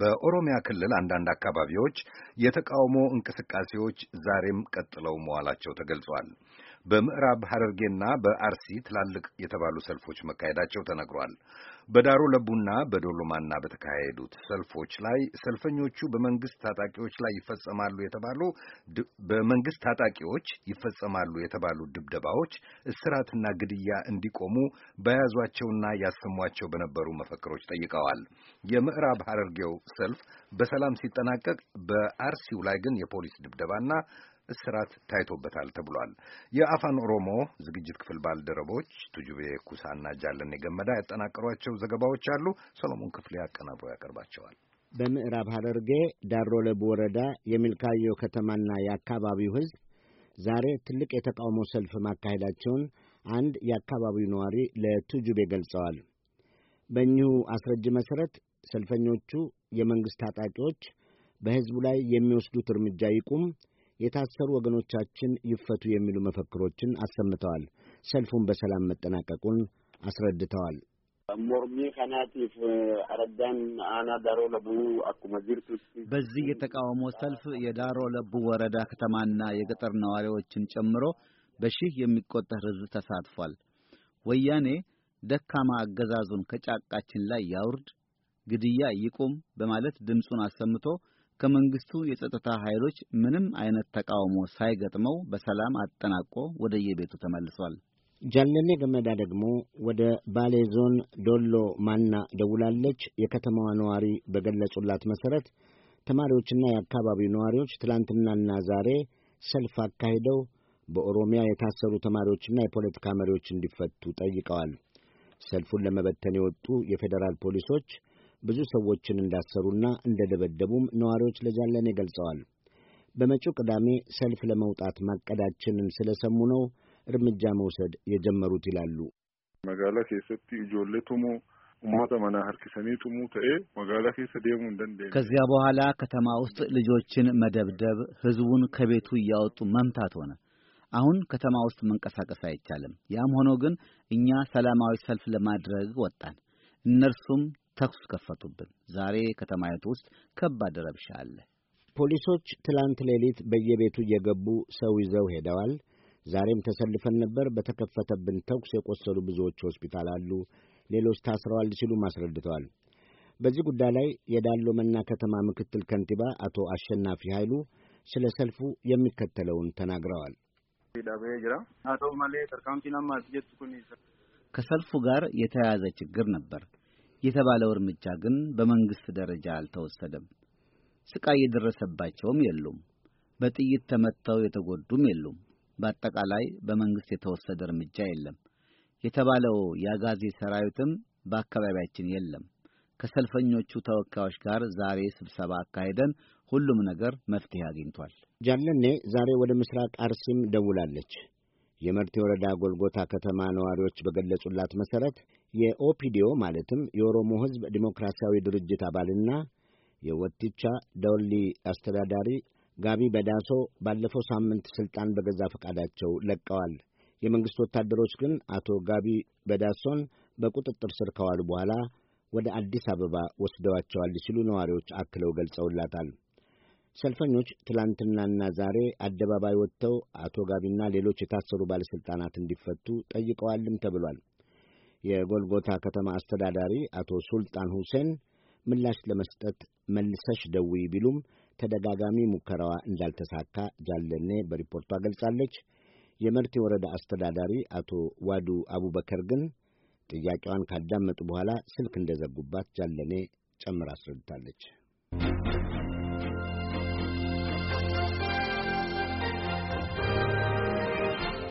በኦሮሚያ ክልል አንዳንድ አካባቢዎች የተቃውሞ እንቅስቃሴዎች ዛሬም ቀጥለው መዋላቸው ተገልጿል። በምዕራብ ሐረርጌና በአርሲ ትላልቅ የተባሉ ሰልፎች መካሄዳቸው ተነግሯል። በዳሮ ለቡና በዶሎማና በተካሄዱት ሰልፎች ላይ ሰልፈኞቹ በመንግስት ታጣቂዎች ላይ ይፈጸማሉ የተባሉ በመንግስት ታጣቂዎች ይፈጸማሉ የተባሉ ድብደባዎች፣ እስራትና ግድያ እንዲቆሙ በያዟቸውና ያሰሟቸው በነበሩ መፈክሮች ጠይቀዋል። የምዕራብ ሐረርጌው ሰልፍ በሰላም ሲጠናቀቅ፣ በአርሲው ላይ ግን የፖሊስ ድብደባና እስራት ታይቶበታል ተብሏል። የአፋን ኦሮሞ ዝግጅት ክፍል ባልደረቦች ቱጁቤ ኩሳና ጃለን የገመዳ ያጠናቀሯቸው ዘገባዎች አሉ። ሰሎሞን ክፍሌ አቀናብሮ ያቀርባቸዋል። በምዕራብ ሐረርጌ ዳሮ ለቡ ወረዳ የሚልካዮ ከተማና የአካባቢው ሕዝብ ዛሬ ትልቅ የተቃውሞ ሰልፍ ማካሄዳቸውን አንድ የአካባቢው ነዋሪ ለቱጁቤ ገልጸዋል። በእኚሁ አስረጅ መሠረት ሰልፈኞቹ የመንግሥት ታጣቂዎች በሕዝቡ ላይ የሚወስዱት እርምጃ ይቁም፣ የታሰሩ ወገኖቻችን ይፈቱ የሚሉ መፈክሮችን አሰምተዋል። ሰልፉን በሰላም መጠናቀቁን አስረድተዋል። በዚህ የተቃውሞ ሰልፍ የዳሮ ለቡ ወረዳ ከተማና የገጠር ነዋሪዎችን ጨምሮ በሺህ የሚቆጠር ሕዝብ ተሳትፏል። ወያኔ ደካማ አገዛዙን ከጫቃችን ላይ ያውርድ፣ ግድያ ይቁም በማለት ድምፁን አሰምቶ ከመንግስቱ የጸጥታ ኃይሎች ምንም አይነት ተቃውሞ ሳይገጥመው በሰላም አጠናቆ ወደየቤቱ ተመልሷል። ጃለኔ ገመዳ ደግሞ ወደ ባሌ ዞን ዶሎ ማና ደውላለች። የከተማዋ ነዋሪ በገለጹላት መሠረት ተማሪዎችና የአካባቢው ነዋሪዎች ትላንትናና ዛሬ ሰልፍ አካሂደው በኦሮሚያ የታሰሩ ተማሪዎችና የፖለቲካ መሪዎች እንዲፈቱ ጠይቀዋል። ሰልፉን ለመበተን የወጡ የፌዴራል ፖሊሶች ብዙ ሰዎችን እንዳሰሩና እንደደበደቡም ነዋሪዎች ለጃለኔ ገልጸዋል። በመጪው ቅዳሜ ሰልፍ ለመውጣት ማቀዳችንን ሰሙ ነው እርምጃ መውሰድ የጀመሩት ይላሉ። መጋላ ኬሰቲ ኢጆሌ ቱሙ ኡማተ መና ሀርኪሰኒ ቱሙ ተኤ መጋላ ኬሰ ዴሙ ከዚያ በኋላ ከተማ ውስጥ ልጆችን መደብደብ፣ ህዝቡን ከቤቱ እያወጡ መምታት ሆነ። አሁን ከተማ ውስጥ መንቀሳቀስ አይቻልም። ያም ሆኖ ግን እኛ ሰላማዊ ሰልፍ ለማድረግ ወጣን። እነርሱም ተኩስ ከፈቱብን። ዛሬ ከተማይቱ ውስጥ ከባድ ረብሻ አለ። ፖሊሶች ትላንት ሌሊት በየቤቱ እየገቡ ሰው ይዘው ሄደዋል። ዛሬም ተሰልፈን ነበር። በተከፈተብን ተኩስ የቆሰሉ ብዙዎች ሆስፒታል አሉ፣ ሌሎች ታስረዋል ሲሉም አስረድተዋል። በዚህ ጉዳይ ላይ የዳሎመና ከተማ ምክትል ከንቲባ አቶ አሸናፊ ኃይሉ ስለ ሰልፉ የሚከተለውን ተናግረዋል። ከሰልፉ ጋር የተያያዘ ችግር ነበር። የተባለው እርምጃ ግን በመንግሥት ደረጃ አልተወሰደም። ሥቃይ የደረሰባቸውም የሉም። በጥይት ተመትተው የተጎዱም የሉም። በአጠቃላይ በመንግሥት የተወሰደ እርምጃ የለም። የተባለው የአጋዜ ሰራዊትም በአካባቢያችን የለም። ከሰልፈኞቹ ተወካዮች ጋር ዛሬ ስብሰባ አካሄደን ሁሉም ነገር መፍትሄ አግኝቷል። ጃለኔ ዛሬ ወደ ምስራቅ አርሲም ደውላለች። የመርቴ ወረዳ ጎልጎታ ከተማ ነዋሪዎች በገለጹላት መሠረት የኦፒዲዮ ማለትም የኦሮሞ ሕዝብ ዲሞክራሲያዊ ድርጅት አባልና የወቲቻ ዶሊ አስተዳዳሪ ጋቢ በዳሶ ባለፈው ሳምንት ሥልጣን በገዛ ፈቃዳቸው ለቀዋል። የመንግሥት ወታደሮች ግን አቶ ጋቢ በዳሶን በቁጥጥር ስር ከዋሉ በኋላ ወደ አዲስ አበባ ወስደዋቸዋል ሲሉ ነዋሪዎች አክለው ገልጸውላታል። ሰልፈኞች ትላንትናና ዛሬ አደባባይ ወጥተው አቶ ጋቢና ሌሎች የታሰሩ ባለሥልጣናት እንዲፈቱ ጠይቀዋልም ተብሏል። የጎልጎታ ከተማ አስተዳዳሪ አቶ ሱልጣን ሁሴን ምላሽ ለመስጠት መልሰሽ ደውይ ቢሉም ተደጋጋሚ ሙከራዋ እንዳልተሳካ ጃለኔ በሪፖርቷ ገልጻለች። የመርቲ ወረዳ አስተዳዳሪ አቶ ዋዱ አቡበከር ግን ጥያቄዋን ካዳመጡ በኋላ ስልክ እንደዘጉባት ጃለኔ ጨምራ አስረድታለች።